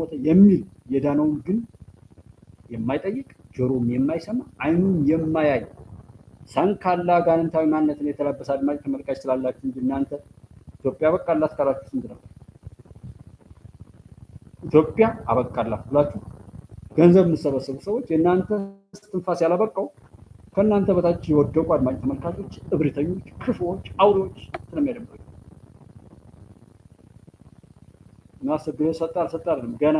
ሞተ የሚል የዳነውን ግን የማይጠይቅ ጆሮም የማይሰማ አይኑም የማያይ ሰንካላ ጋንንታዊ ማንነትን የተላበሰ አድማጭ ተመልካች ስላላችሁ እንጂ እናንተ ኢትዮጵያ አበቃላት ካላችሁ ስንት ነበር? ኢትዮጵያ አበቃላት ብላችሁ ገንዘብ የምትሰበሰቡ ሰዎች የእናንተ ትንፋስ ያላበቃው ከእናንተ በታች የወደቁ አድማጭ ተመልካቾች፣ እብሪተኞች፣ ክፉዎች፣ አውሬዎች ስለሚያደምጡ እናስግህ ሰጣል አይደለም። ገና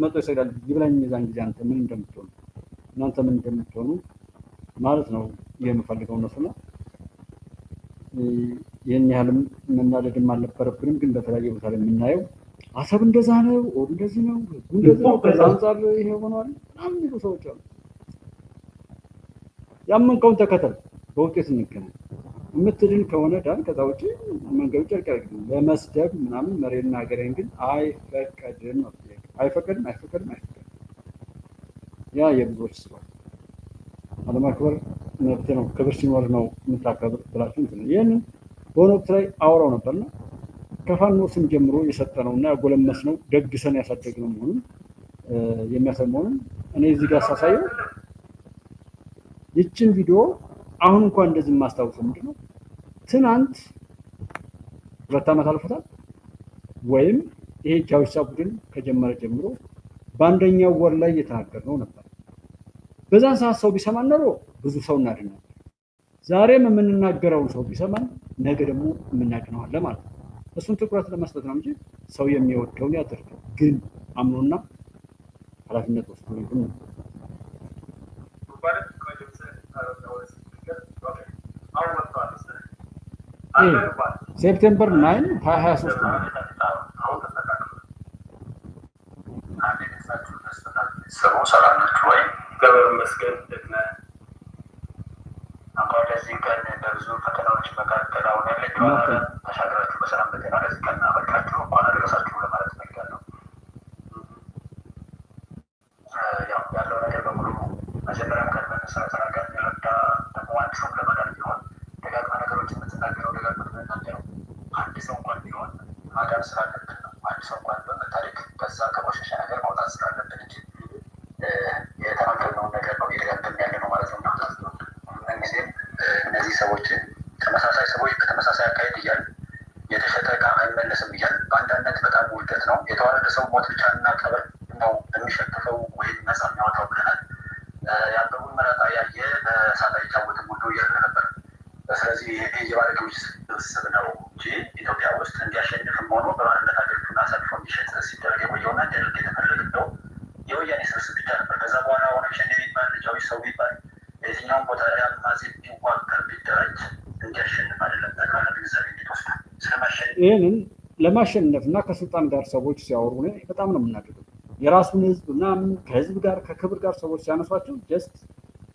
መጥቶ ይሰግዳል። ይብላኝ የዛን ጊዜ አንተ ምን እንደምትሆኑ እናንተ ምን እንደምትሆኑ ማለት ነው የምፈልገው እነሱ ስለ ይህን ያህልም መናደድም አልነበረብንም። ግን በተለያየ ቦታ ላይ የምናየው አሰብ እንደዛ ነው፣ ኦብ እንደዚህ ነው፣ ህጉ እንደዚህ ነው፣ ከዛ አንጻር ይሄ ሆኗል ምናምን የሚሉ ሰዎች አሉ። ያመንከውን ተከተል፣ በውጤት እንገናኝ። የምትድን ከሆነ ዳን። ከዛ ውጭ መንገዱ ጨርቅ ያደግ ለመስደብ ምናምን መሬና ሀገሬን ግን አይፈቀድም ነው። አይፈቀድም፣ አይፈቀድም፣ አይፈቀድም። ያ የብዙዎች ስሏል። አለማክበር መብቴ ነው። ክብር ሲኖር ነው የምታከብር ብላችሁ ነ ይህንን በሆነ ወቅት ላይ አውራው ነበርና ከፋኖ ስም ጀምሮ የሰጠነው እና ያጎለመስ ነው ደግሰን ያሳደግነው መሆኑን የሚያሳይ መሆኑን እኔ እዚህ ጋር ሳሳየው ይችን ቪዲዮ አሁን እንኳን እንደዚህ የማስታውሰው ምንድን ነው ትናንት ሁለት ዓመት አልፎታል ወይም ይሄ ጃዊሳ ቡድን ከጀመረ ጀምሮ በአንደኛው ወር ላይ ነው ነበር። በዛን ሰዓት ሰው ቢሰማን ኖሮ ብዙ ሰው እናድን ነበር። ዛሬም የምንናገረውን ሰው ቢሰማን ነገ ደግሞ የምናድነዋለን ማለት ነው። እሱን ትኩረት ለመስጠት ነው እንጂ ሰው የሚወደውን ያደርገው ግን አምኖና ኃላፊነት ወስዶ ነው። ሴፕቴምበር ናይን ሀያ ሶስት ነው። በብዙ ፈተናዎች መካከል አሁን ያለችው ተሻግራችሁ በሰላም በጤና ደስ እነዚህ ሰዎች ተመሳሳይ ሰዎች በተመሳሳይ አካሄድ እያል የተሸጠ አይመለስም እያል በአንዳንድነት በጣም ውርደት ነው። የተዋረደ ሰው ሞት ብቻ እናቀበል ለማሸነፍ እና ከስልጣን ጋር ሰዎች ሲያወሩ በጣም ነው የምናደገው። የራሱን ህዝብ ምናምን ከህዝብ ጋር ከክብር ጋር ሰዎች ሲያነሷቸው ጀስት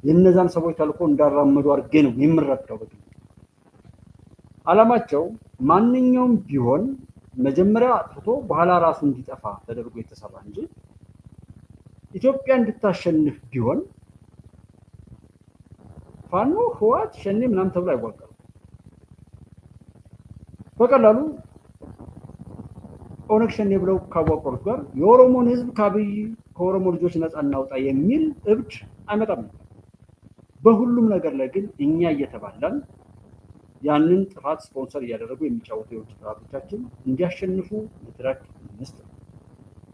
የእነዛን ሰዎች ተልኮ እንዳራመዱ አድርጌ ነው የምረዳው። በግ አላማቸው ማንኛውም ቢሆን መጀመሪያ አጥፍቶ በኋላ ራሱ እንዲጠፋ ተደርጎ የተሰራ እንጂ ኢትዮጵያ እንድታሸንፍ ቢሆን ፋኖ፣ ህዋት፣ ሸኔ ምናምን ተብሎ አይዋቀርም በቀላሉ ኦነግ ሸኔ ብለው ካዋቀሩት ጋር የኦሮሞን ህዝብ ከአብይ ከኦሮሞ ልጆች ነፃ እናውጣ የሚል እብድ አይመጣም። በሁሉም ነገር ላይ ግን እኛ እየተባላን ያንን ጥፋት ስፖንሰር እያደረጉ የሚጫወቱ የውጭ ጥፋቶቻችን እንዲያሸንፉ መድረክ እንስጥ።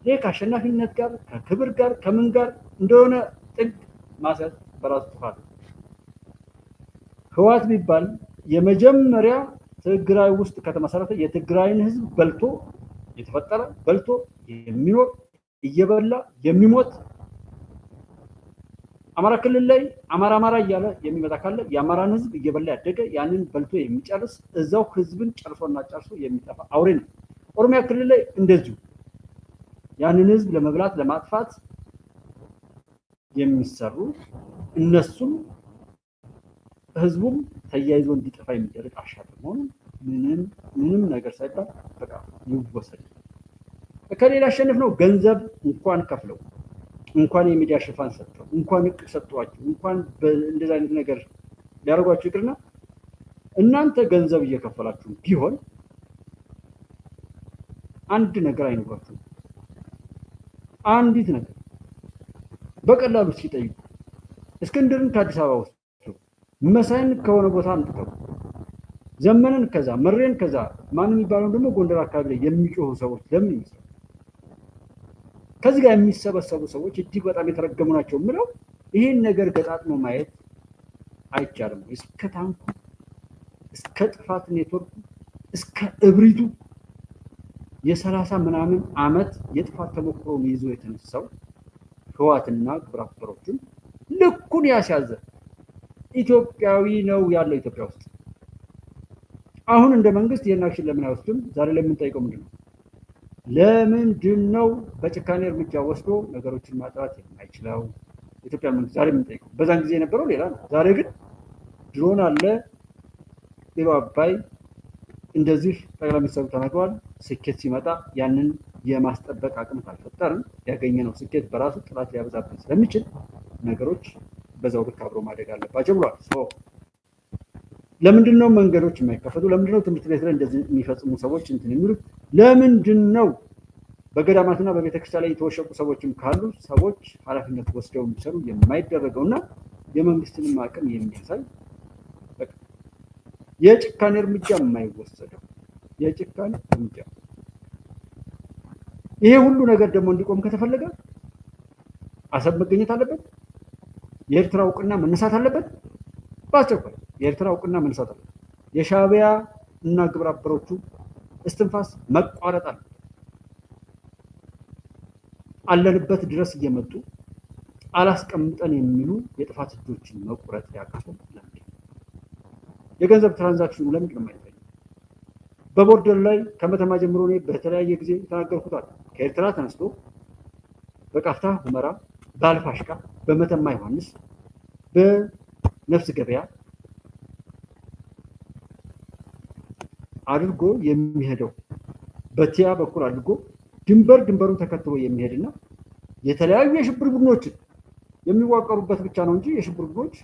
ይህ ከአሸናፊነት ጋር ከክብር ጋር ከምን ጋር እንደሆነ ጥግ ማሰት በራሱ ጥፋት ነው። ህወሓት ቢባል የመጀመሪያ ትግራይ ውስጥ ከተመሰረተ የትግራይን ህዝብ በልቶ የተፈጠረ በልቶ የሚኖር እየበላ የሚሞት አማራ ክልል ላይ አማራ አማራ እያለ የሚመጣ ካለ የአማራን ህዝብ እየበላ ያደገ ያንን በልቶ የሚጨርስ እዛው ህዝብን ጨርሶና ጨርሶ የሚጠፋ አውሬ ነው። ኦሮሚያ ክልል ላይ እንደዚሁ ያንን ህዝብ ለመብላት ለማጥፋት የሚሰሩ እነሱም ህዝቡም ተያይዞ እንዲጠፋ የሚደረግ አሻጥር መሆኑን ምንም ምንም ነገር ሳይባል በቃ ይወሰድ። ከሌላ አሸንፍ ነው ገንዘብ እንኳን ከፍለው እንኳን የሚዲያ ሽፋን ሰጥተው እንኳን እቅ ሰጥቷቸው እንኳን እንደዚ አይነት ነገር ሊያደርጓችሁ ይቅርና እናንተ ገንዘብ እየከፈላችሁ ቢሆን አንድ ነገር አይኖራችሁም። አንዲት ነገር በቀላሉ ሲጠይቁ እስክንድርን ከአዲስ አበባ ውስጥ መሳይን ከሆነ ቦታ አምጥተው ዘመንን ከዛ መሬን ከዛ ማን የሚባለው ደግሞ ጎንደር አካባቢ ላይ የሚጮሁ ሰዎች ለምን ይመስላል? ከዚህ ጋር የሚሰበሰቡ ሰዎች እጅግ በጣም የተረገሙ ናቸው የምለው ይህን ነገር ገጣጥሞ ማየት አይቻልም። እስከ ታንኩ፣ እስከ ጥፋት ኔትወርኩ፣ እስከ እብሪቱ የሰላሳ ምናምን ዓመት የጥፋት ተሞክሮን ይዞ የተነሳው ህዋትና ግብረ አበሮቹን ልኩን ያስያዘ ኢትዮጵያዊ ነው ያለው ኢትዮጵያ ውስጥ አሁን እንደ መንግስት ይህን አክሽን ለምን አይወስድም? ዛሬ ላይ የምንጠይቀው ምንድን ነው? ለምንድን ነው በጭካኔ እርምጃ ወስዶ ነገሮችን ማጥራት የማይችለው ኢትዮጵያ መንግስት ዛሬ የምንጠይቀው? በዛን ጊዜ የነበረው ሌላ ነው። ዛሬ ግን ድሮን አለ፣ ሌሎ አባይ እንደዚህ ጠቅላይ ሚኒስትሩ ተናግረዋል። ስኬት ሲመጣ ያንን የማስጠበቅ አቅም ካልፈጠርን ያገኘነው ስኬት በራሱ ጥላት ሊያበዛብን ስለሚችል ነገሮች በዛው ልክ ማደግ አለባቸው ብሏል። ለምንድን ነው መንገዶች የማይከፈቱ? ለምንድን ነው ትምህርት ቤት ላይ እንደዚህ የሚፈጽሙ ሰዎች እንትን የሚሉት? ለምንድን ነው በገዳማትና በቤተክርስቲያን ላይ የተወሸቁ ሰዎችም ካሉ ሰዎች ኃላፊነት ወስደው የሚሰሩ የማይደረገው እና የመንግስትንም አቅም የሚያሳይ የጭካኔ እርምጃ የማይወሰደው የጭካኔ እርምጃ። ይሄ ሁሉ ነገር ደግሞ እንዲቆም ከተፈለገ አሰብ መገኘት አለበት። የኤርትራ እውቅና መነሳት አለበት በአስቸኳይ የኤርትራ እውቅና መነሳት አለበት። የሻቢያ እና ግብረ አበሮቹ እስትንፋስ መቋረጥ አለ አለንበት ድረስ እየመጡ አላስቀምጠን የሚሉ የጥፋት እጆችን መቁረጥ ያቃተው የገንዘብ ትራንዛክሽኑ ለምንድን ነው የማይታይ? በቦርደር ላይ ከመተማ ጀምሮ እኔ በተለያየ ጊዜ የተናገርኩታል። ከኤርትራ ተነስቶ በቃፍታ ሁመራ፣ በአልፋሽቃ፣ በመተማ ዮሐንስ፣ በነፍስ ገበያ አድርጎ የሚሄደው በቲያ በኩል አድርጎ ድንበር ድንበሩን ተከትሎ የሚሄድና የተለያዩ የሽብር ቡድኖችን የሚዋቀሩበት ብቻ ነው እንጂ የሽብር ቡድኖች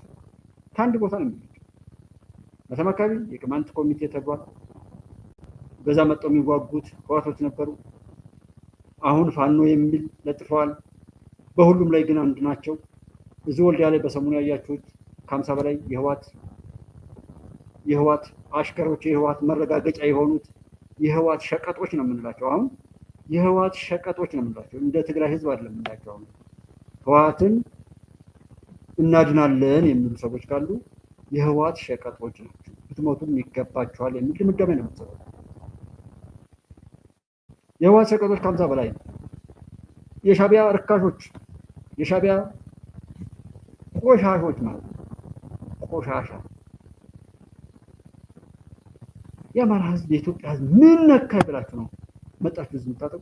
ከአንድ ቦታ ነው የሚሄዱ። መተማ አካባቢ የቅማንት ኮሚቴ ተግባር በዛ መጠው የሚዋጉት ህዋቶች ነበሩ። አሁን ፋኖ የሚል ለጥፈዋል። በሁሉም ላይ ግን አንድ ናቸው። እዚህ ወልዲያ ላይ በሰሞኑ ያያችሁት ከሀምሳ በላይ የህዋት የህዋት አሽከሮች የህወሓት መረጋገጫ የሆኑት የህወሓት ሸቀጦች ነው የምንላቸው። አሁን የህወሓት ሸቀጦች ነው የምንላቸው። እንደ ትግራይ ህዝብ አይደለም የምንላቸው። አሁን ህወሓትን እናድናለን የሚሉ ሰዎች ካሉ የህወሓት ሸቀጦች ናቸው፣ ብትሞቱም ይገባቸዋል የሚል ድምዳሜ ነው የምትሰሩ። የህወሓት ሸቀጦች ከሀምሳ በላይ ነው። ርካሾች፣ የሻቢያ ቆሻሾች ማለት ነው። ቆሻሻ የአማራ ህዝብ የኢትዮጵያ ህዝብ ምን ነካ ብላችሁ ነው መጣችሁ ህዝብ ምታጠቁ?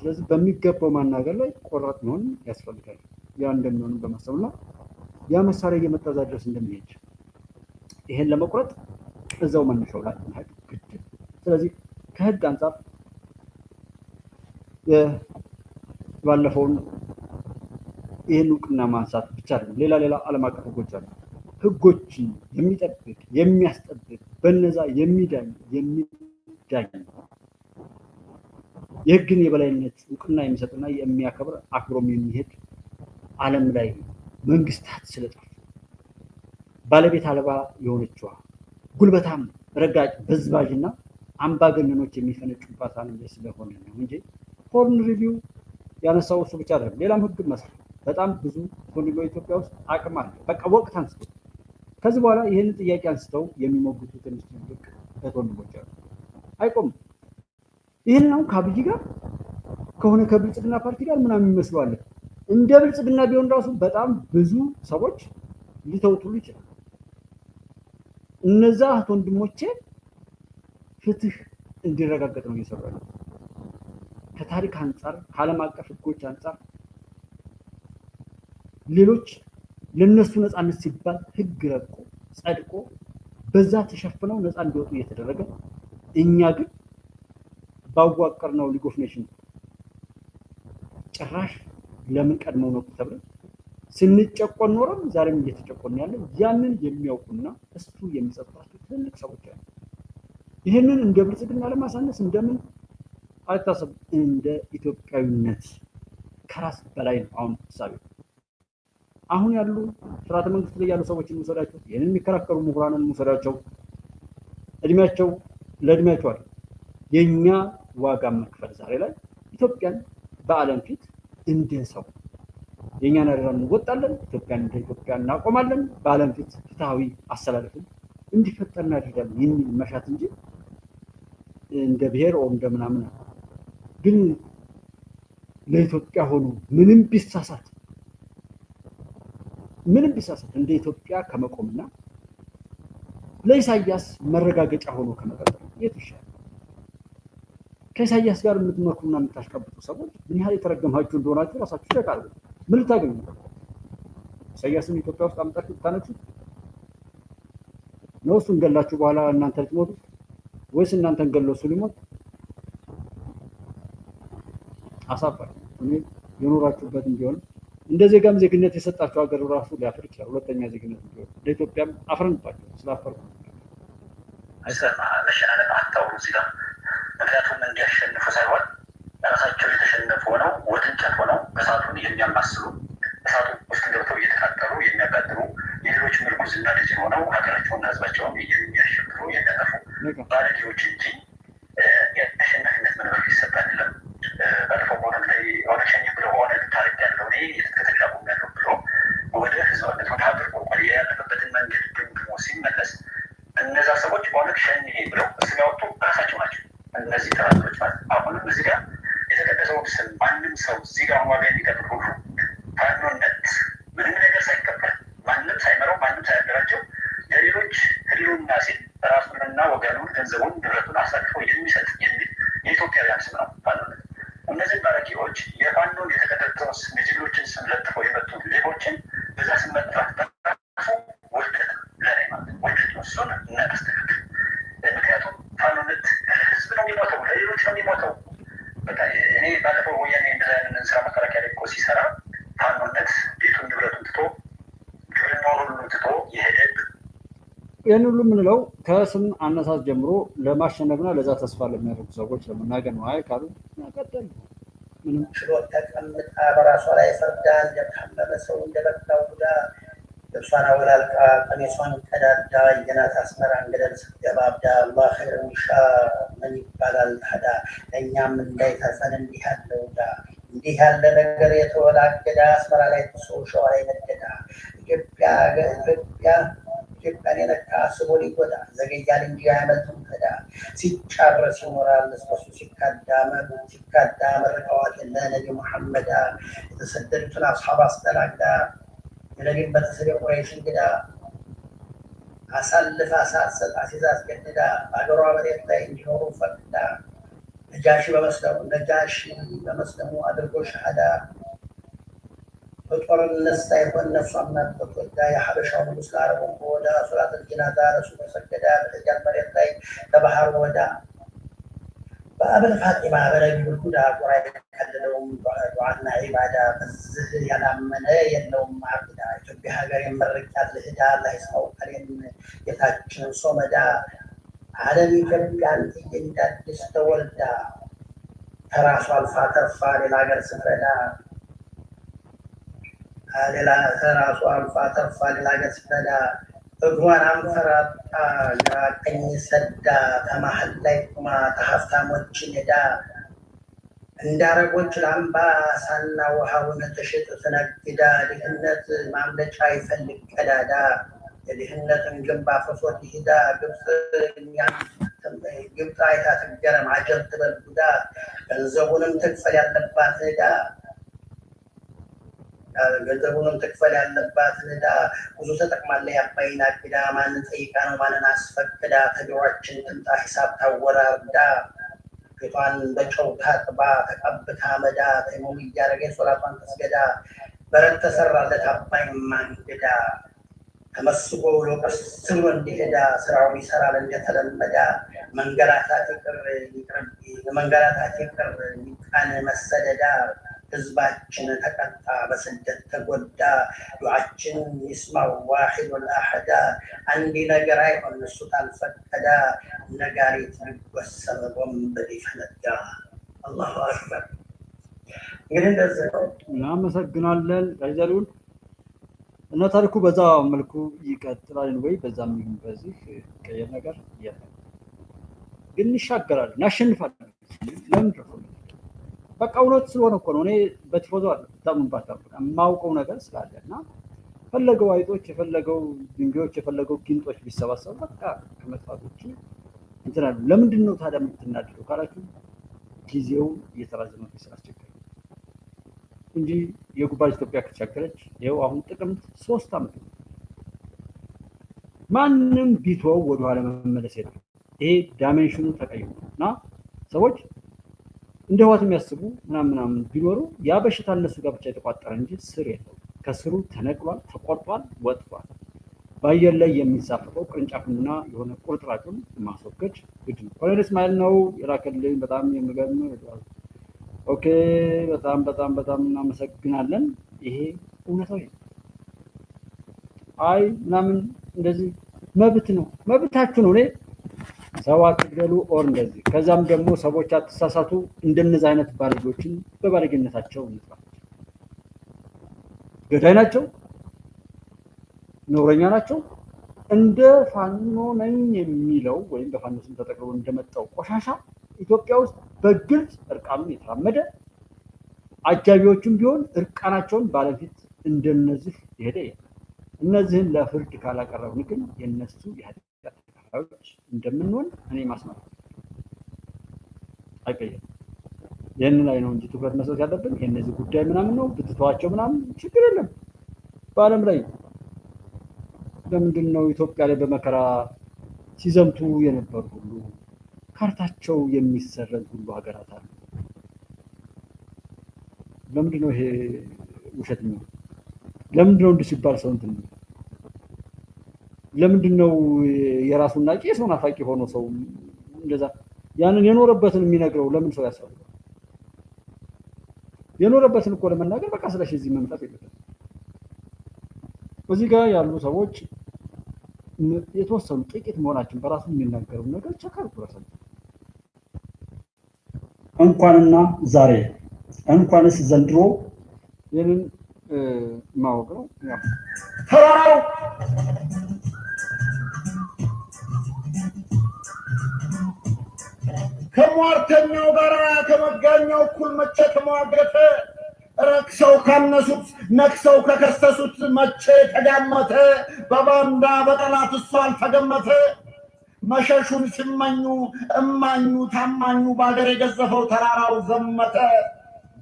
ስለዚህ በሚገባው ማናገር ላይ ቆራጥ መሆን ያስፈልጋል። ያ እንደሚሆኑ በማሰብና ያ መሳሪያ እየመጣዛ ድረስ እንደሚሄድ ይሄን ለመቁረጥ እዛው መነሻው ላይ መሄድ ግድ። ስለዚህ ከህግ አንጻር ባለፈውን ይህን እውቅና ማንሳት ብቻ አይደለም፣ ሌላ ሌላ ዓለም አቀፍ ህጎች አሉ። ህጎችን የሚጠብቅ የሚያስጠብቅ በነዛ የሚዳኝ የሚዳኝ የህግን የበላይነት እውቅና የሚሰጥና የሚያከብር አክብሮም የሚሄድ ዓለም ላይ መንግስታት ስለጠፉ ባለቤት አልባ የሆነችዋ ጉልበታም ረጋጭ በዝባዥና አምባገነኖች የሚፈነጩባት ዓለም ላይ ስለሆነ ነው እንጂ ሆርን ሪቪው ያነሳው እሱ ብቻ አይደለም። ሌላም ህግ መስራት በጣም ብዙ ኮንዶ ኢትዮጵያ ውስጥ አቅም አለ። በቃ ወቅት አንስቶ ከዚህ በኋላ ይህንን ጥያቄ አንስተው የሚሞግቱ ትንሽ ትልቅ ወንድሞች አሉ። አይቆምም። ይህንን አሁን ከአብይ ጋር ከሆነ ከብልጽግና ፓርቲ ጋር ምናምን ይመስለዋል። እንደ ብልጽግና ቢሆን ራሱ በጣም ብዙ ሰዎች ሊተውትሉ ይችላል። እነዛ እህት ወንድሞቼ ፍትህ እንዲረጋገጥ ነው እየሰራ ነው። ከታሪክ አንጻር ከዓለም አቀፍ ህጎች አንጻር ሌሎች ለእነሱ ነፃነት ሲባል ህግ ረቆ ጸድቆ በዛ ተሸፍነው ነፃ እንዲወጡ እየተደረገ እኛ ግን ባዋቀር ነው ሊግ ኦፍ ኔሽን ጭራሽ ለምን ቀድመው ነው ተብለን ስንጨቆን ኖረም ዛሬም እየተጨቆን ያለን ያንን የሚያውቁና እሱ የሚጸጥታቸው ትልልቅ ሰዎች አሉ። ይህንን እንደ ብልጽግና ለማሳነስ እንደምን አይታሰብ እንደ ኢትዮጵያዊነት ከራስ በላይ ነው አሁን ሳቢው አሁን ያሉ ስርዓተ መንግስት ላይ ያሉ ሰዎችን እንውሰዳቸው፣ ይህንን የሚከራከሩ ምሁራንን እንውሰዳቸው። እድሜያቸው ለእድሜያቸው አለ የእኛ ዋጋ መክፈል ዛሬ ላይ ኢትዮጵያን በዓለም ፊት እንደ ሰው የእኛን አደራ እንወጣለን። ኢትዮጵያን እንደ ኢትዮጵያ እናቆማለን። በዓለም ፊት ፍትሐዊ አሰላለፍን እንዲፈጠር እናደርጋለን የሚል መሻት እንጂ እንደ ብሔር እንደ ምናምን ግን ለኢትዮጵያ ሆኖ ምንም ቢሳሳት ምንም ቢሳሳት እንደ ኢትዮጵያ ከመቆምና ለኢሳያስ መረጋገጫ ሆኖ ከመቀጠል የት ይሻላል? ከኢሳያስ ጋር የምትመክሩና የምታሽቀብጡ ሰዎች ምን ያህል የተረገማችሁ እንደሆናችሁ ራሳችሁ ሸቅ ምን ልታገኙ ኢሳያስን ኢትዮጵያ ውስጥ አምጣችሁ ብታነግሱት ነው እሱን ገላችሁ በኋላ እናንተ ልትሞቱ ወይስ እናንተን ገሎ እሱ ሊሞት? አሳፋሪ እኔ የኖራችሁበት እንዲሆንም እንደ ዜጋም ዜግነት የሰጣቸው ሀገር ራሱ ሊያፍር ይችላል። ሁለተኛ ዜግነት ቢሆን እንደ ኢትዮጵያም አፍረንባቸው ስላፈርኩ መሸናነፍ አታውሩ እዚህ ጋር ምክንያቱም እንዲያሸንፉ ሳይሆን ራሳቸው የተሸነፉ ሆነው ወደ ሆነው እሳቱን የሚያማስሉ እሳቱ ውስጥ ገብተው እየተቃጠሉ የሚያጋጥሙ የሌሎች ምርኩዝና ልጅ ሆነው ሀገራቸውና ህዝባቸውን የሚያሸብሩ የሚያጠፉ ባለጌዎች እንጂ ነው የሚሞተው፣ ለሌሎች ነው የሚሞተው። እኔ ባለፈው ወያኔ ስራ መከላከያ ላይ እኮ ሲሰራ ቤቱን ንብረቱን ትቶ ሁሉ ትቶ የሄደ ይህን ሁሉ የምንለው ከስም አነሳት ጀምሮ ለማሸነፍና ለዛ ተስፋ ለሚያደርጉ ሰዎች ለመናገር ነው። አይ ካሉ ቀጠል ችሎት ተቀምጣ በራሷ ላይ ፈርዳ እንደታመመ ሰው እንደበላው ጉዳ እርሷን አወላልቃ ቀሚሷን ቀዳዳ ይዘናት አስመራን ገደል ስትገባ አብዳ አላህ ኸይር ሚሻ ምን ይባላል ታዳ ለእኛም እንዳይታፈን እንዲህ ያለው እንዲህ ያለ ነገር የተወላገዳ አስመራ ላይ ተሶ ሸዋ ላይ ነገዳ ኢትዮጵያ ኢትዮጵያ ኢትዮጵያን የነካ አስቦ ሊጎዳ ዘገያል እንጂ አያመልጥም ከዳ ሲጫረስ ይኖራል እስበሱ ሲካዳ መረቃዋት ለነቢ ሙሐመዳ የተሰደዱትን አስሓብ አስተናግዳ ولكن بتسري قريش كدا أسلف أساس أساس كدا بعد رابع يطلع يشوف كدا نجاشي بمسلم نجاشي بمسلم هذا الكوش هذا تطور الناس تعرف النفس عم نبت كدا يا حبشة ومسلم عربون كدا صلاة الجنازة رسول الله كدا بتجمع يطلع تبحر وده በአብልካጤ ማህበራዊ መልኩ ዳቁራ የከለለውም ዱዓና ዒባዳ በዝህ ያላመነ የለውም። አብዳ ኢትዮጵያ ሀገር የመረቂያት ልህዳ ላይሰው ከሌን የታችን ሶመዳ ዓለም ኢትዮጵያን ጥዬ ተወልዳ ከራሱ አልፋ ተርፋ ሌላ ሀገር ስትረዳ ሌላ ከራሱ አልፋ ተርፋ ሌላ ሀገር ስትረዳ እግሯን አንፈራጣ ግራ ቀኝ ሰዳ ከመሀል ላይ ቁማ ከሀብታሞች ሄዳ እንዳረጎች ላምባ ሳና ውሃውን ትሽጥ ትነግዳ ድህነት ማምለጫ ይፈልግ ቀዳዳ የድህነትን ግንብ አፍርሶት ይሂዳ ግብፅ አይታ ትገረም አጀብ ትበል ጉዳ ገንዘቡንም ትክፈል ያለባት ሄዳ ገንዘቡንም ትክፈል ያለባት ንዳ ብዙ ተጠቅማለ ያባይና አግዳ ማንን ጠይቃ ነው ማንን አስፈቅዳ ተቢሯችን ጥምጣ ሂሳብ ታወራርዳ ፊቷን በጨው ታጥባ ተቀብታ መዳ ተሞም እያደረገ ሶላቷን ተስገዳ በረት ተሰራለት አባይ ማንግዳ ተመስጎ ብሎ ቀስ እንዲሄዳ ስራው ይሰራል እንደተለመዳ መንገላታት ይቅር ይቅር መንገላታት ይቅር ይቃን መሰደዳ ህዝባችን ተቀጣ፣ በስደት ተጎዳ፣ ዱዓችን ይስማው ዋሒዱን አሐዳ። አንድ ነገር አይሆን እሱ ካልፈቀዳ፣ ነጋሪት ቢጎሰም ቦምብ ሊፈነዳ። አላሁ አክበር። እንግዲህ እንደዚህ ነው። እናመሰግናለን። ቀሪዘሉን እና ታሪኩ በዛ መልኩ ይቀጥላል ወይ? በዛ ምን በዚህ ቀየር ነገር የለም፣ ግን ይሻገራል፣ እናሸንፋለን። ለምን በቃ እውነት ስለሆነ እኮ ነው። እኔ በቲፎዞ ታምኑባት የማውቀው ነገር ስላለ እና የፈለገው አይጦች፣ የፈለገው ድንጋዮች፣ የፈለገው ጊንጦች ቢሰባሰቡ በቃ ከመጥፋት ውጭ እንትን አሉ። ለምንድን ነው ታዲያ የምትናድደው ካላችሁ ጊዜው እየተራዘመ ስላስቸገረ እንጂ የጉባኤ ኢትዮጵያ ከተቸገረች ይኸው አሁን ጥቅምት ሶስት ዓመት ነው። ማንም ቢተወው ወደኋላ መመለስ የለም። ይሄ ዳይሜንሽኑ ተቀይሮ እና ሰዎች እንደ ህዋት የሚያስቡ ምናምን ምናምን ቢኖሩ ያ በሽታ እነሱ ጋር ብቻ የተቋጠረ እንጂ ስር የለው። ከስሩ ተነቅሏል፣ ተቆርጧል፣ ወጥቷል። በአየር ላይ የሚንሳፈፈው ቅርንጫፍና የሆነ ቁርጥራጩን ማስወገድ ግድ ነው። ኮሎኔል እስማኤል ነው የላከልኝ። በጣም የሚገርም ኦኬ። በጣም በጣም በጣም እናመሰግናለን። ይሄ እውነታዊ አይ ምናምን እንደዚህ መብት ነው መብታችሁ ነው እኔ ሰው አትግደሉ ኦር እንደዚህ ከዛም ደግሞ ሰዎች አትሳሳቱ እንደነዚ አይነት ባለጌዎችን በባለጌነታቸው እንጥራ። ገዳይ ናቸው፣ ነውረኛ ናቸው። እንደ ፋኖ ነኝ የሚለው ወይም በፋኖ ስም ተጠቅሎ እንደመጣው ቆሻሻ ኢትዮጵያ ውስጥ በግልጽ እርቃኑን የተራመደ አጃቢዎቹም ቢሆን እርቃናቸውን ባለፊት እንደነዚህ የሄደ እነዚህን ለፍርድ ካላቀረብን ግን የነሱ ያህል ተከታዮች እንደምንሆን እኔ ማስመር አይቀየም። ይህን ላይ ነው እንጂ ትኩረት መስጠት ያለብን። የእነዚህ ጉዳይ ምናምን ነው ብትተዋቸው ምናምን ችግር የለም። በዓለም ላይ ለምንድን ነው ኢትዮጵያ ላይ በመከራ ሲዘምቱ የነበሩ ሁሉ ካርታቸው የሚሰረዝ ሁሉ ሀገራት አሉ። ለምንድን ነው ይሄ ውሸት ነው? ለምንድን ነው እንዲህ ሲባል ሰው እንትን ለምንድን ነው የራሱን ናቂ የሰውን አፋቂ ሆኖ ሰው እንደዛ ያንን የኖረበትን የሚነግረው ለምን ሰው ያስፈልጋል? የኖረበትን እኮ ለመናገር በቃ ስለሽ እዚህ መምጣት የለበትም። እዚህ ጋር ያሉ ሰዎች የተወሰኑ ጥቂት መሆናችን በራሱ የሚናገረው ነገር ቸካል ኩረሰ እንኳንና ዛሬ እንኳንስ ዘንድሮ ይህንን ማወቅ ነው ተራራው ከሟርተኛው ጋር ከመጋኛው እኩል መቼ ተሟገተ? ረክሰው ካነሱት ነክሰው ከከሰሱት መቼ ተጋመተ? በባንዳ በጠላት እሱ አልተገመተ። መሸሹን ሲመኙ እማኙ ታማኙ በአገር የገዘፈው ተራራው ዘመተ።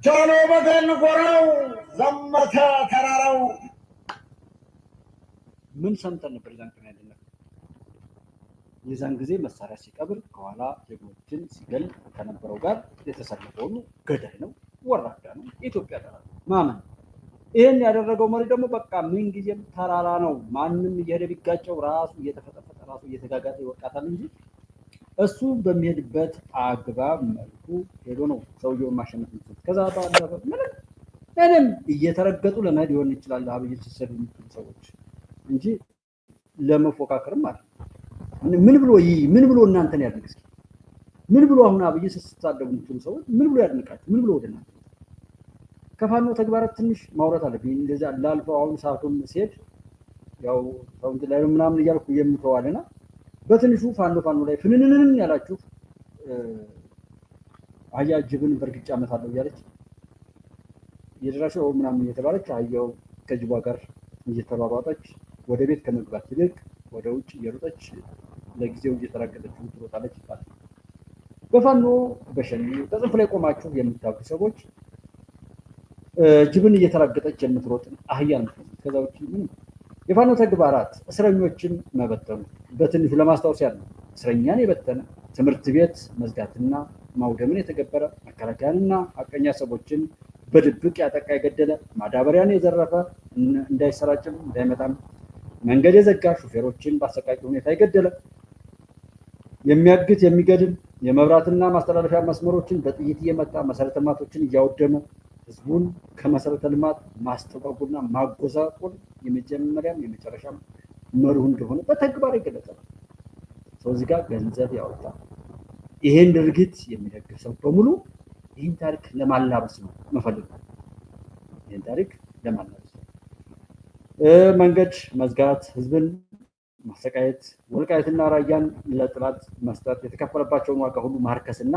ጃኖ በገን ጎራው ዘመተ ተራራው ምን ሰምተን ነበር ዛንትና የዛን ጊዜ መሳሪያ ሲቀብር ከኋላ ዜጎችን ሲገል ከነበረው ጋር የተሰለፈውን ገዳይ ነው፣ ወራዳ ነው፣ የኢትዮጵያ ጠላት ማመን። ይህን ያደረገው መሪ ደግሞ በቃ ምን ጊዜም ተራራ ነው። ማንም እየሄደ ቢጋጨው ራሱ እየተፈጠፈጠ ራሱ እየተጋጋጠ ይወቃታል እንጂ እሱ በሚሄድበት አግባብ መልኩ ሄዶ ነው ሰውየውን ማሸነፍ ይችላል። ከዛ ባለፈ ምንም ምንም እየተረገጡ ለመሄድ ሊሆን ይችላል አብይን ሲሰዱ የሚችሉ ሰዎች እንጂ ለመፎካከርም አለ ምን ብሎ ምን ብሎ እናንተን ያድንቅ? እስኪ ምን ብሎ አሁን አብይ ስትሳደቡ የምትሉ ሰዎች ምን ብሎ ያድንቃችሁ? ምን ብሎ ወደ እናንተ ከፋኖ ተግባራት ትንሽ ማውራት አለብኝ። እንደዚያ ላልፈው አሁን ሰዓቱም ሲሄድ ያው ሰውንት ላይ ምናምን እያልኩ የምተዋልና በትንሹ ፋኖ ፋኖ ላይ ፍንንንንን ያላችሁ አህያ ጅብን በእርግጫ አመታለሁ እያለች የደራሸው ምናምን እየተባለች አህያው ከጅቧ ጋር እየተሯሯጠች ወደ ቤት ከመግባት ይልቅ ወደ ውጭ እየሮጠች ለጊዜው እየተራገጠችው ትሮጣለች ይባላል። በፋኖ በሸኒ በጽንፍ ላይ ቆማችሁ የምታውቁ ሰዎች ጅብን እየተራገጠች የምትሮጥን አህያ ነው። ከዛ ውጭ ምን የፋኖ ተግባራት እስረኞችን መበተኑ በትንሹ ለማስታወስ ያለ እስረኛን የበተነ ትምህርት ቤት መዝጋትና ማውደምን የተገበረ መከላከያንና አቀኛ ሰዎችን በድብቅ ያጠቃ የገደለ ማዳበሪያን የዘረፈ እንዳይሰራጭም እንዳይመጣም መንገድ የዘጋ ሹፌሮችን በአሰቃቂ ሁኔታ የገደለ የሚያግት የሚገድም የመብራትና ማስተላለፊያ መስመሮችን በጥይት እየመጣ መሰረተ ልማቶችን እያወደመ ህዝቡን ከመሰረተ ልማት ማስተጓጉና ማጎዛቁል የመጀመሪያም የመጨረሻም መርሁ እንደሆነ በተግባር ይገለጸል። ሰው እዚህ ጋር ገንዘብ ያወጣ ይሄን ድርጊት የሚደግፍ ሰው በሙሉ ይህን ታሪክ ለማላበስ ነው መፈልግ ይህን ታሪክ ለማላበስ ነው። መንገድ መዝጋት ህዝብን ማሰቃየት፣ ወልቃየትና ራያን ለጥላት መስጠት፣ የተከፈለባቸውን ዋጋ ሁሉ ማርከስና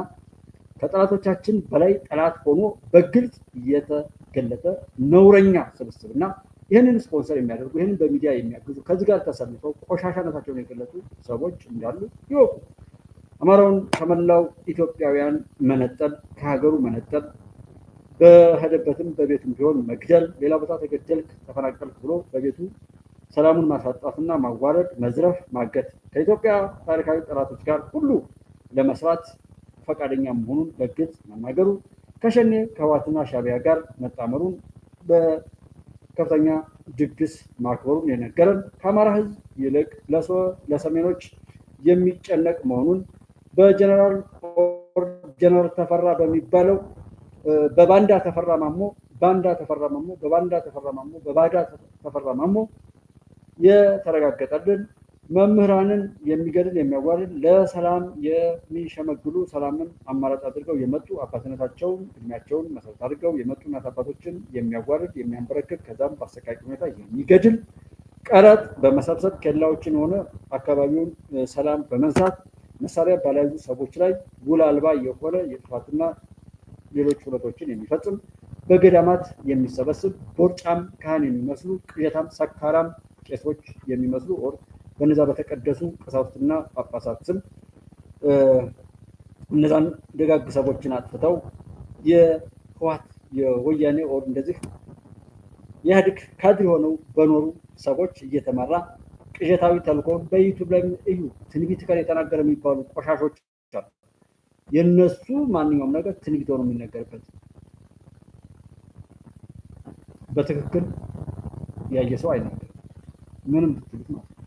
ከጠላቶቻችን በላይ ጠላት ሆኖ በግልጽ የተገለጠ ነውረኛ ስብስብና ይህንን ስፖንሰር የሚያደርጉ ይህንን በሚዲያ የሚያግዙ ከዚህ ጋር ተሰልፈው ቆሻሻነታቸውን የገለጡ ሰዎች እንዳሉ ይወቁ። አማራውን ከመላው ኢትዮጵያውያን መነጠል፣ ከሀገሩ መነጠል፣ በሄደበትም በቤቱም ቢሆን መግደል፣ ሌላ ቦታ ተገደልክ፣ ተፈናቀልክ ብሎ በቤቱ ሰላሙን ማሳጣትና ማዋረድ፣ መዝረፍ፣ ማገት፣ ከኢትዮጵያ ታሪካዊ ጠላቶች ጋር ሁሉ ለመስራት ፈቃደኛ መሆኑን በግልጽ መናገሩ፣ ከሸኔ ከህዋትና ሻቢያ ጋር መጣመሩን በከፍተኛ ድግስ ማክበሩን የነገረን ከአማራ ህዝብ ይልቅ ለሰሜኖች የሚጨነቅ መሆኑን በጀነራል ጀነራል ተፈራ በሚባለው በባንዳ ተፈራ ማሞ ባንዳ ተፈራ ማሞ በባንዳ ተፈራ ማሞ በባዳ ተፈራ ማሞ የተረጋገጠልን መምህራንን የሚገድል የሚያዋርድ ለሰላም የሚሸመግሉ ሰላምን አማራጭ አድርገው የመጡ አባትነታቸውን እድሜያቸውን መሰረት አድርገው የመጡ እናት አባቶችን የሚያዋርድ የሚያንበረክክ ከዛም በአሰቃቂ ሁኔታ የሚገድል ቀረጥ በመሰብሰብ ኬላዎችን ሆነ አካባቢውን ሰላም በመንሳት መሳሪያ ባለያዙ ሰዎች ላይ ውል አልባ የሆነ የጥፋትና ሌሎች ሁነቶችን የሚፈጽም በገዳማት የሚሰበስብ ቦርጫም ካህን የሚመስሉ ቅዠታም ሰካራም ቄሶች የሚመስሉ ኦር በነዛ በተቀደሱ ቀሳውስትና ጳጳሳት ስም እነዛን ደጋግ ሰዎችን አጥፍተው የህዋት የወያኔ ኦር እንደዚህ የኢህአዴግ ካድሪ ሆነው በኖሩ ሰዎች እየተመራ ቅዠታዊ ተልኮ በዩቱብ ላይ እዩ ትንቢት ጋር የተናገረ የሚባሉ ቆሻሾች አሉ። የእነሱ ማንኛውም ነገር ትንቢት ሆኖ የሚነገርበት በትክክል ያየ ሰው አይነገርም። ምንም ብትሉት ማለት ነው።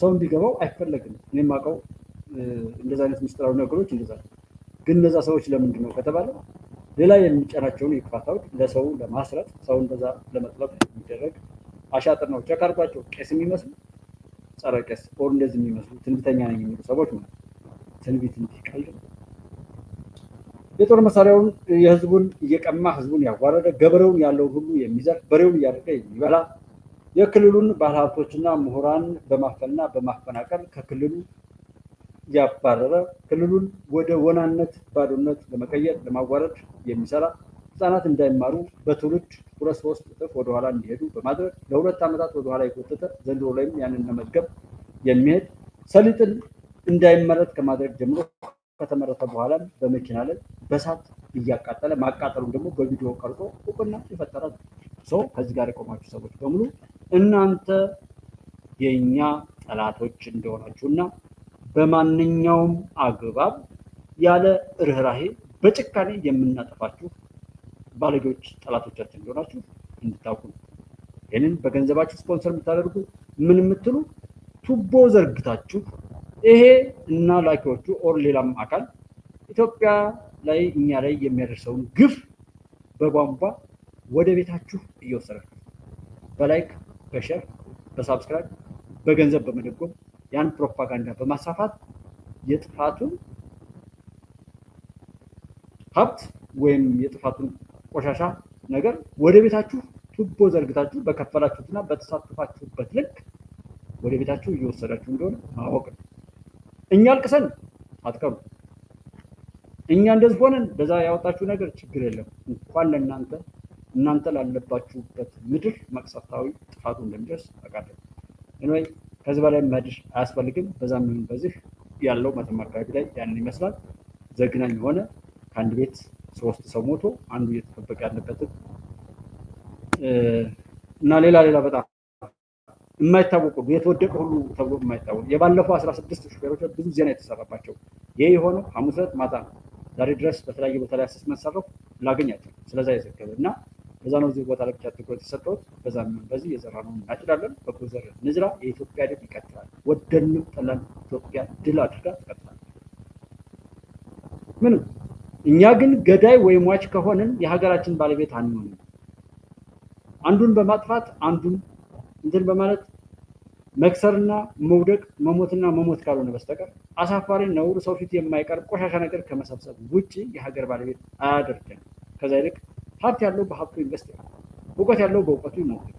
ሰው እንዲገባው አይፈለግም። እኔ የማውቀው እንደዚ አይነት ምስጢራዊ ነገሮች እንደዛ ግን እነዛ ሰዎች ለምንድን ነው ከተባለ ሌላ የሚጨናቸውን የክፋታዎች ለሰው ለማስረት ሰው እንደዛ ለመጥለብ የሚደረግ አሻጥር ነው። ቸክ ቄስ የሚመስሉ ጸረ ቄስ ኦር እንደዚህ የሚመስሉ ትንቢተኛ ነኝ የሚሉ ሰዎች ማለት ትንቢት እንዲቀልድ የጦር መሳሪያውን የህዝቡን እየቀማ ህዝቡን ያዋረደ ገበሬውን ያለውን ሁሉ የሚዘርፍ በሬውን እያደረገ የሚበላ የክልሉን ባለሀብቶችና ምሁራን በማፈንና በማፈናቀል ከክልሉ ያባረረ ክልሉን ወደ ወናነት፣ ባዶነት ለመቀየር ለማዋረድ የሚሰራ ህጻናት እንዳይማሩ በትውልድ ሁለት ሶስት እጥፍ ወደኋላ እንዲሄዱ በማድረግ ለሁለት ዓመታት ወደኋላ የጎተተ ዘንድሮ ላይም ያንን ለመዝገብ የሚሄድ ሰሊጥን እንዳይመረት ከማድረግ ጀምሮ ከተመረተ በኋላም በመኪና ላይ በሳት እያቃጠለ ማቃጠሉ ደግሞ በቪዲዮ ቀርጾ እውቅና ይፈጠራል። ሰው ከዚህ ጋር የቆማችሁ ሰዎች በሙሉ እናንተ የእኛ ጠላቶች እንደሆናችሁና በማንኛውም አግባብ ያለ ርኅራሄ በጭካኔ የምናጠፋችሁ ባለጌዎች ጠላቶቻችን እንደሆናችሁ እንድታውቁ ነው። ይህንን በገንዘባችሁ ስፖንሰር የምታደርጉ ምን የምትሉ ቱቦ ዘርግታችሁ ይሄ እና ላኪዎቹ ኦር ሌላም አካል ኢትዮጵያ ላይ እኛ ላይ የሚያደርሰውን ግፍ በቧንቧ ወደ ቤታችሁ እየወሰዳችሁ በላይክ በሸር በሳብስክራይብ በገንዘብ በመደጎም ያን ፕሮፓጋንዳ በማስፋፋት የጥፋቱን ሀብት ወይም የጥፋቱን ቆሻሻ ነገር ወደ ቤታችሁ ቱቦ ዘርግታችሁ በከፈላችሁትና በተሳተፋችሁበት ልክ ወደ ቤታችሁ እየወሰዳችሁ እንደሆነ ማወቅ ነው። እኛ አልቅሰን አትቀሩ። እኛ እንደዚህ ሆነን በዛ ያወጣችሁ ነገር ችግር የለም እንኳን ለእናንተ እናንተ ላለባችሁበት ምድር መቅሰፍታዊ ጥፋቱ እንደሚደርስ አውቃለሁ። ኤኒዌይ ከዚህ በላይ መድር አያስፈልግም። በዛም ይሁን በዚህ ያለው መተማ አካባቢ ላይ ያንን ይመስላል። ዘግናኝ የሆነ ከአንድ ቤት ሶስት ሰው ሞቶ አንዱ እየተጠበቀ ያለበትን እና ሌላ ሌላ በጣም የማይታወቁ የተወደቀ ሁሉ ተብሎ የማይታወቁ የባለፈው አስራ ስድስት ሹፌሮች ብዙ ዜና የተሰራባቸው ይህ የሆነው ሐሙስ ዕለት ማታ ነው። ዛሬ ድረስ በተለያየ ቦታ ላይ ስመሰረፍ ላገኛቸው ስለዛ የዘገበ እና በዛ ነው እዚህ ቦታ ላይ ብቻ ትኩረት የሰጠሁት። በዛ በዚህ የዘራ ነው እናችላለን። በጎ ዘር ንዝራ። የኢትዮጵያ ድል ይቀጥላል። ወደን ጠላን ኢትዮጵያ ድል አድርጋ ትቀጥላለች። ምን እኛ ግን ገዳይ ወይ ሟች ከሆንን የሀገራችን ባለቤት አንሆንም። አንዱን በማጥፋት አንዱን እንትን በማለት መክሰርና መውደቅ መሞትና መሞት ካልሆነ በስተቀር አሳፋሪ ነውር፣ ሰው ፊት የማይቀርብ ቆሻሻ ነገር ከመሰብሰብ ውጭ የሀገር ባለቤት አያደርገን። ከዛ ይልቅ ሀብት ያለው በሀብቱ ኢንቨስት ያደርጋል። እውቀት ያለው በእውቀቱ ይሞክር።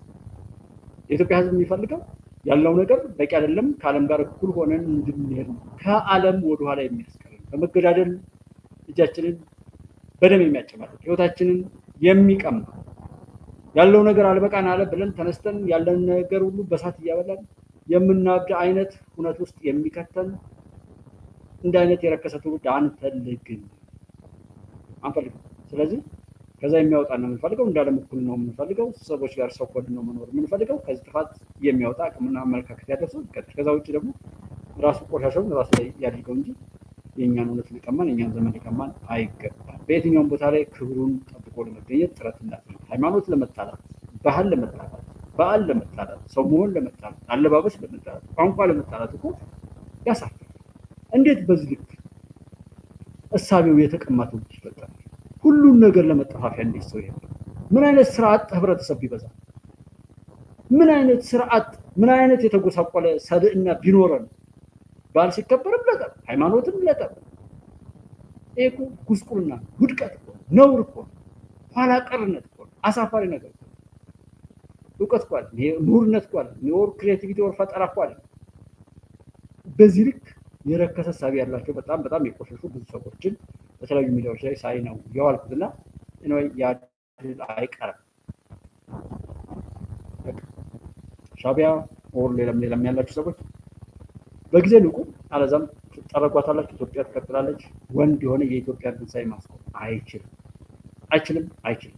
የኢትዮጵያ ህዝብ የሚፈልገው ያለው ነገር በቂ አይደለም፣ ከዓለም ጋር እኩል ሆነን እንድንሄድ ነው። ከዓለም ወደኋላ የሚያስቀረን በመገዳደል እጃችንን በደም የሚያጨማልቅ ህይወታችንን የሚቀማ ያለው ነገር አልበቃን አለ ብለን ተነስተን ያለን ነገር ሁሉ በሳት እያበላን የምናብድ አይነት እውነት ውስጥ የሚከተን እንደ አይነት የረከሰ ትውልድ አንፈልግም አንፈልግም። ስለዚህ ከዛ የሚያወጣ ነው የምንፈልገው። እንደ ዓለም እኩል ነው የምንፈልገው። ሰዎች ጋር ሰው ኮድ ነው መኖር የምንፈልገው። ከዚህ ጥፋት የሚያወጣ አቅምና አመለካከት ያለ ሰው ይቀጥል። ከዛ ውጭ ደግሞ ራሱ ቆሻሻውን ራሱ ላይ ያድርገው እንጂ የእኛን እውነት ሊቀማን የእኛን ዘመን ሊቀማን አይገባል። በየትኛውም ቦታ ላይ ክብሩን ጠብቆ ለመገኘት ጥረት እናድርግ። ሃይማኖት ለመጣላት፣ ባህል ለመጣላት፣ በዓል ለመጣላት፣ ሰው መሆን ለመጣላት፣ አለባበስ ለመጣላት፣ ቋንቋ ለመጣላት እኮ ያሳፍራል። እንዴት በዚህ ልክ እሳቤው የተቀማ ትውልድ ይፈጠራል? ሁሉን ነገር ለመጠፋፊያ እንዴት ሰው ይሄ ምን አይነት ስርዓት ህብረተሰብ ቢበዛ ምን አይነት ስርዓት ምን አይነት የተጎሳቆለ ሰብዕና ቢኖረን ባል ሲከበርም ለጠብ ሃይማኖትም ለጠብ ይሄ ጉስቁልና ውድቀት እኮ ነውር እኮ ኋላ ቀርነት እኮ አሳፋሪ ነገር እውቀት እኮ አለ ምሁርነት እኮ አለ ኒወር ክሬቲቪቲ ወር ፈጠራ እኮ አለ በዚህ ልክ የረከሰ ሳቢ ያላቸው በጣም በጣም የቆሸሹ ብዙ ሰዎችን በተለያዩ ሚዲያዎች ላይ ሳይ ነው የዋልኩትና ያ ድል አይቀርም። ሻቢያ ኦር ሌላም ሌላም ያላችሁ ሰዎች በጊዜ ንቁ፣ አለዛም ትጠረጓታላችሁ። ኢትዮጵያ ትቀጥላለች። ወንድ የሆነ የኢትዮጵያ ትንሳኤ ማስቆም አይችልም፣ አይችልም፣ አይችልም።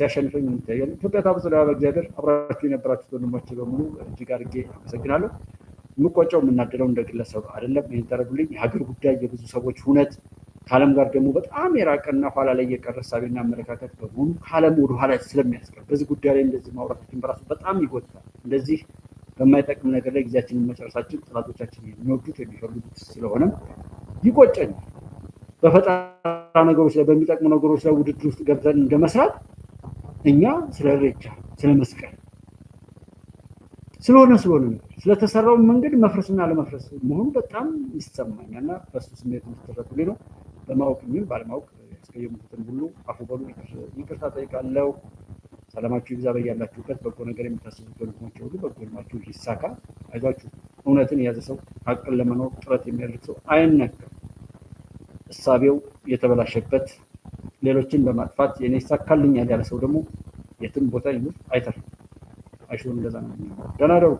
ሲያሸንፈኝ ይታያል። ኢትዮጵያ ታብጽ ዳ አብራችሁ የነበራችሁ ወንድሞች በሙሉ እጅግ አድርጌ አመሰግናለሁ። የምቆጨው የምናደለው እንደ ግለሰብ አይደለም። ይህን ተረዱልኝ። የሀገር ጉዳይ የብዙ ሰዎች እውነት ከዓለም ጋር ደግሞ በጣም የራቀና ኋላ ላይ የቀረ ሳቢና አመለካከት በመሆኑ ከዓለም ወደ ኋላ ስለሚያስቀር በዚህ ጉዳይ ላይ እንደዚህ ማውራታችን በራሱ በጣም ይጎታል። እንደዚህ በማይጠቅም ነገር ላይ ጊዜያችንን መጨረሳችን ጥላቶቻችን የሚወዱት የሚፈልጉት ስለሆነ ይቆጨኛል። በፈጠራ ነገሮች ላይ በሚጠቅሙ ነገሮች ላይ ውድድር ውስጥ ገብተን እንደመስራት እኛ ስለ ሬቻ ስለ መስቀል ስለሆነ ስለሆነ ነገር ስለተሰራው መንገድ መፍረስና ለመፍረስ መሆኑ በጣም ይሰማኛልና በሱ ስሜት ምትረዱ ነው። በማወቅ ይሁን ባለማወቅ ያስቀየሙትን ሁሉ አፉ በሉ፣ ይቅርታ ጠይቃለሁ። ሰላማችሁ ይብዛ በያላችሁበት። በጎ ነገር የምታስቡበት ወንድሞች ሁሉ በጎ ልማችሁ ይሳካ። አይዟችሁ። እውነትን የያዘ ሰው ሀቅን ለመኖር ጥረት የሚያደርግ ሰው አይነካም። እሳቤው የተበላሸበት ሌሎችን በማጥፋት የኔ ይሳካልኛል ያለ ሰው ደግሞ የትም ቦታ ይኑር አይተርፍም። አይሹም። እንደዛ ነው። ደህና ደሩ